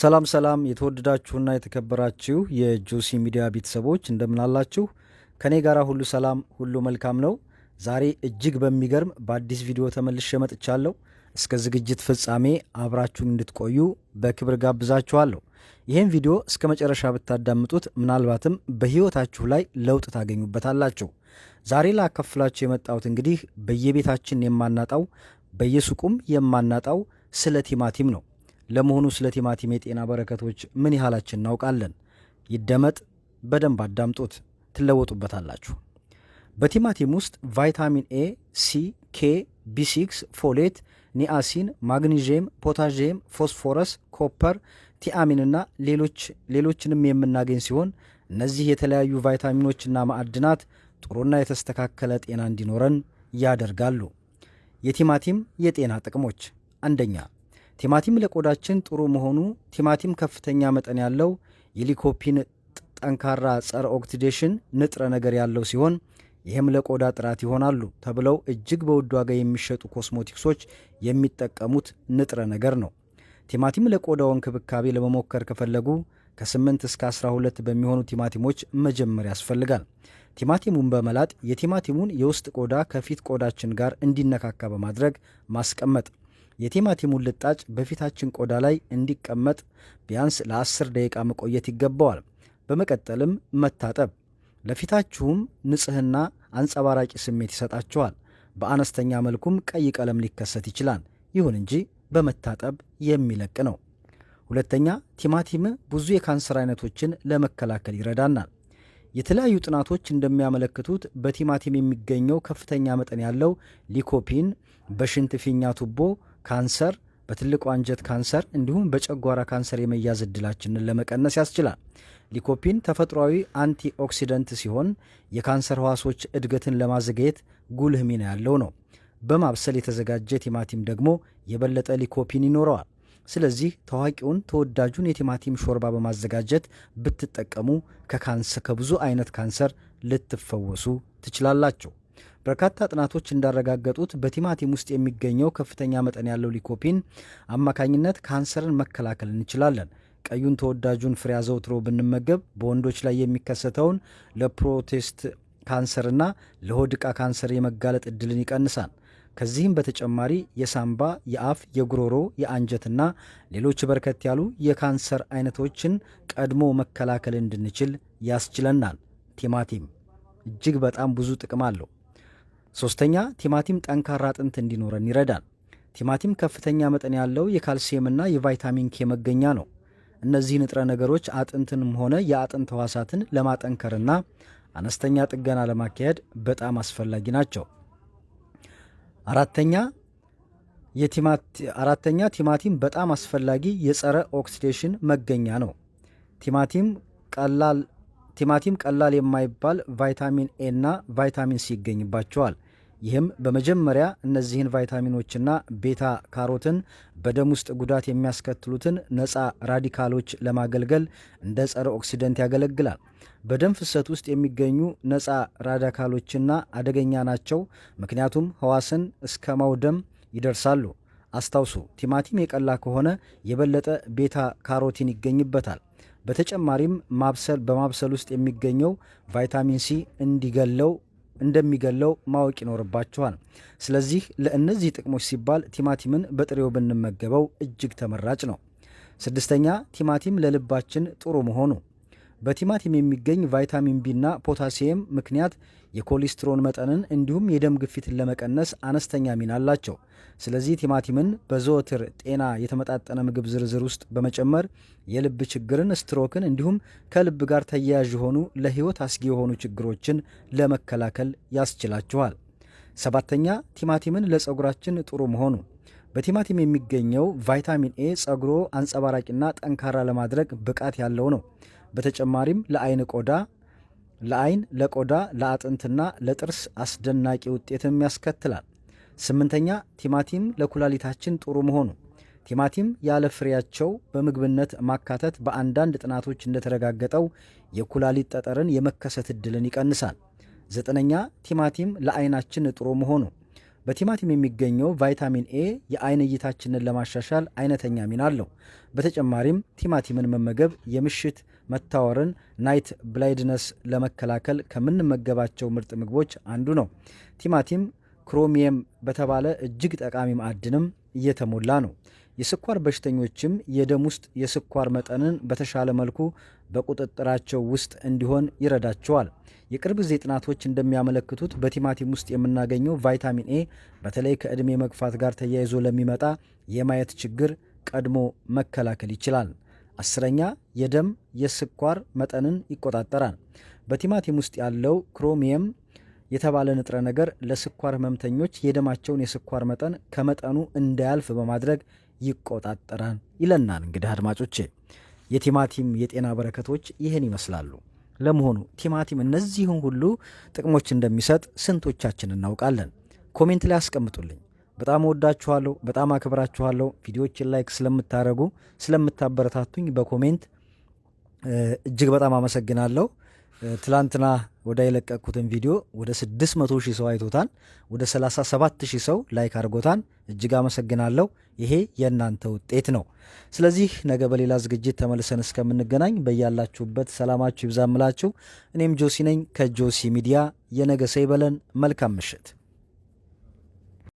ሰላም ሰላም የተወደዳችሁና የተከበራችሁ የጆሲ ሚዲያ ቤተሰቦች እንደምናላችሁ። ከኔ ጋራ ሁሉ ሰላም፣ ሁሉ መልካም ነው። ዛሬ እጅግ በሚገርም በአዲስ ቪዲዮ ተመልሼ መጥቻለሁ። እስከ ዝግጅት ፍጻሜ አብራችሁን እንድትቆዩ በክብር ጋብዛችኋለሁ። ይህም ቪዲዮ እስከ መጨረሻ ብታዳምጡት ምናልባትም በሕይወታችሁ ላይ ለውጥ ታገኙበታላችሁ። ዛሬ ላካፍላችሁ የመጣሁት እንግዲህ በየቤታችን የማናጣው በየሱቁም የማናጣው ስለ ቲማቲም ነው። ለመሆኑ ስለ ቲማቲም የጤና በረከቶች ምን ያህላችን እናውቃለን? ይደመጥ፣ በደንብ አዳምጡት፣ ትለወጡበታላችሁ። በቲማቲም ውስጥ ቫይታሚን ኤ፣ ሲ፣ ኬ፣ ቢ6፣ ፎሌት፣ ኒአሲን፣ ማግኒዥየም፣ ፖታዥየም፣ ፎስፎረስ፣ ኮፐር፣ ቲአሚንና ሌሎች ሌሎችንም የምናገኝ ሲሆን እነዚህ የተለያዩ ቫይታሚኖችና ማዕድናት ጥሩና የተስተካከለ ጤና እንዲኖረን ያደርጋሉ። የቲማቲም የጤና ጥቅሞች አንደኛ ቲማቲም ለቆዳችን ጥሩ መሆኑ ቲማቲም ከፍተኛ መጠን ያለው የሊኮፒን ጠንካራ ጸረ ኦክሲዴሽን ንጥረ ነገር ያለው ሲሆን ይህም ለቆዳ ጥራት ይሆናሉ ተብለው እጅግ በውድ ዋጋ የሚሸጡ ኮስሞቲክሶች የሚጠቀሙት ንጥረ ነገር ነው። ቲማቲም ለቆዳው እንክብካቤ ለመሞከር ከፈለጉ ከ8 እስከ 12 በሚሆኑ ቲማቲሞች መጀመር ያስፈልጋል። ቲማቲሙን በመላጥ የቲማቲሙን የውስጥ ቆዳ ከፊት ቆዳችን ጋር እንዲነካካ በማድረግ ማስቀመጥ የቲማቲሙን ልጣጭ በፊታችን ቆዳ ላይ እንዲቀመጥ ቢያንስ ለ10 ደቂቃ መቆየት ይገባዋል። በመቀጠልም መታጠብ፣ ለፊታችሁም ንጽህና አንጸባራቂ ስሜት ይሰጣችኋል። በአነስተኛ መልኩም ቀይ ቀለም ሊከሰት ይችላል። ይሁን እንጂ በመታጠብ የሚለቅ ነው። ሁለተኛ፣ ቲማቲም ብዙ የካንሰር አይነቶችን ለመከላከል ይረዳናል። የተለያዩ ጥናቶች እንደሚያመለክቱት በቲማቲም የሚገኘው ከፍተኛ መጠን ያለው ሊኮፒን በሽንት ፊኛ ቱቦ ካንሰር፣ በትልቁ አንጀት ካንሰር እንዲሁም በጨጓራ ካንሰር የመያዝ እድላችንን ለመቀነስ ያስችላል። ሊኮፒን ተፈጥሯዊ አንቲ ኦክሲደንት ሲሆን የካንሰር ህዋሶች እድገትን ለማዘገየት ጉልህ ሚና ያለው ነው። በማብሰል የተዘጋጀ ቲማቲም ደግሞ የበለጠ ሊኮፒን ይኖረዋል። ስለዚህ ታዋቂውን ተወዳጁን የቲማቲም ሾርባ በማዘጋጀት ብትጠቀሙ ከብዙ አይነት ካንሰር ልትፈወሱ ትችላላችሁ። በርካታ ጥናቶች እንዳረጋገጡት በቲማቲም ውስጥ የሚገኘው ከፍተኛ መጠን ያለው ሊኮፒን አማካኝነት ካንሰርን መከላከል እንችላለን። ቀዩን ተወዳጁን ፍሬ አዘውትሮ ብንመገብ በወንዶች ላይ የሚከሰተውን ለፕሮቴስት ካንሰርና ለሆድ ዕቃ ካንሰር የመጋለጥ እድልን ይቀንሳል። ከዚህም በተጨማሪ የሳምባ፣ የአፍ፣ የጉሮሮ፣ የአንጀትና ሌሎች በርከት ያሉ የካንሰር አይነቶችን ቀድሞ መከላከል እንድንችል ያስችለናል። ቲማቲም እጅግ በጣም ብዙ ጥቅም አለው። ሶስተኛ ቲማቲም ጠንካራ አጥንት እንዲኖረን ይረዳል። ቲማቲም ከፍተኛ መጠን ያለው የካልሲየምና የቫይታሚን ኬ መገኛ ነው። እነዚህ ንጥረ ነገሮች አጥንትንም ሆነ የአጥንት ህዋሳትን ለማጠንከርና አነስተኛ ጥገና ለማካሄድ በጣም አስፈላጊ ናቸው። አራተኛ አራተኛ ቲማቲም በጣም አስፈላጊ የጸረ ኦክሲዴሽን መገኛ ነው። ቲማቲም ቀላል ቲማቲም ቀላል የማይባል ቫይታሚን ኤ እና ቫይታሚን ሲ ይገኝባቸዋል። ይህም በመጀመሪያ እነዚህን ቫይታሚኖችና ቤታ ካሮትን በደም ውስጥ ጉዳት የሚያስከትሉትን ነፃ ራዲካሎች ለማገልገል እንደ ጸረ ኦክሲደንት ያገለግላል። በደም ፍሰት ውስጥ የሚገኙ ነፃ ራዲካሎችና አደገኛ ናቸው፣ ምክንያቱም ህዋስን እስከ ማውደም ይደርሳሉ። አስታውሱ፣ ቲማቲም የቀላ ከሆነ የበለጠ ቤታ ካሮቲን ይገኝበታል። በተጨማሪም ማብሰል በማብሰል ውስጥ የሚገኘው ቫይታሚን ሲ እንዲገለው እንደሚገለው ማወቅ ይኖርባችኋል። ስለዚህ ለእነዚህ ጥቅሞች ሲባል ቲማቲምን በጥሬው ብንመገበው እጅግ ተመራጭ ነው። ስድስተኛ ቲማቲም ለልባችን ጥሩ መሆኑ በቲማቲም የሚገኝ ቫይታሚን ቢና ፖታሲየም ምክንያት የኮሊስትሮን መጠንን እንዲሁም የደም ግፊትን ለመቀነስ አነስተኛ ሚና አላቸው። ስለዚህ ቲማቲምን በዘወትር ጤና የተመጣጠነ ምግብ ዝርዝር ውስጥ በመጨመር የልብ ችግርን፣ ስትሮክን እንዲሁም ከልብ ጋር ተያያዥ የሆኑ ለህይወት አስጊ የሆኑ ችግሮችን ለመከላከል ያስችላችኋል። ሰባተኛ ቲማቲምን ለፀጉራችን ጥሩ መሆኑ በቲማቲም የሚገኘው ቫይታሚን ኤ ጸጉሮ አንጸባራቂና ጠንካራ ለማድረግ ብቃት ያለው ነው። በተጨማሪም ለአይን ቆዳ ለአይን ለቆዳ ለአጥንትና ለጥርስ አስደናቂ ውጤትም ያስከትላል። ስምንተኛ ቲማቲም ለኩላሊታችን ጥሩ መሆኑ። ቲማቲም ያለ ፍሬያቸው በምግብነት ማካተት በአንዳንድ ጥናቶች እንደተረጋገጠው የኩላሊት ጠጠርን የመከሰት ዕድልን ይቀንሳል። ዘጠነኛ ቲማቲም ለአይናችን ጥሩ መሆኑ በቲማቲም የሚገኘው ቫይታሚን ኤ የአይን እይታችንን ለማሻሻል አይነተኛ ሚና አለው። በተጨማሪም ቲማቲምን መመገብ የምሽት መታወርን ናይት ብላይድነስ ለመከላከል ከምንመገባቸው ምርጥ ምግቦች አንዱ ነው። ቲማቲም ክሮሚየም በተባለ እጅግ ጠቃሚ ማዕድንም እየተሞላ ነው። የስኳር በሽተኞችም የደም ውስጥ የስኳር መጠንን በተሻለ መልኩ በቁጥጥራቸው ውስጥ እንዲሆን ይረዳቸዋል። የቅርብ ጊዜ ጥናቶች እንደሚያመለክቱት በቲማቲም ውስጥ የምናገኘው ቫይታሚን ኤ በተለይ ከእድሜ መግፋት ጋር ተያይዞ ለሚመጣ የማየት ችግር ቀድሞ መከላከል ይችላል። አስረኛ የደም የስኳር መጠንን ይቆጣጠራል። በቲማቲም ውስጥ ያለው ክሮሚየም የተባለ ንጥረ ነገር ለስኳር ህመምተኞች የደማቸውን የስኳር መጠን ከመጠኑ እንዳያልፍ በማድረግ ይቆጣጠራል ይለናል። እንግዲህ አድማጮቼ የቲማቲም የጤና በረከቶች ይህን ይመስላሉ። ለመሆኑ ቲማቲም እነዚህን ሁሉ ጥቅሞች እንደሚሰጥ ስንቶቻችን እናውቃለን? ኮሜንት ላይ አስቀምጡልኝ። በጣም ወዳችኋለሁ፣ በጣም አክብራችኋለሁ። ቪዲዮችን ላይክ ስለምታደረጉ ስለምታበረታቱኝ በኮሜንት እጅግ በጣም አመሰግናለሁ። ትላንትና ወደ የለቀቅኩትን ቪዲዮ ወደ 600 ሺህ ሰው አይቶታል። ወደ 37 ሺህ ሰው ላይክ አድርጎታል። እጅግ አመሰግናለሁ። ይሄ የእናንተ ውጤት ነው። ስለዚህ ነገ በሌላ ዝግጅት ተመልሰን እስከምንገናኝ በያላችሁበት ሰላማችሁ ይብዛምላችሁ። እኔም ጆሲ ነኝ ከጆሲ ሚዲያ። የነገ ሰው ይበለን። መልካም ምሽት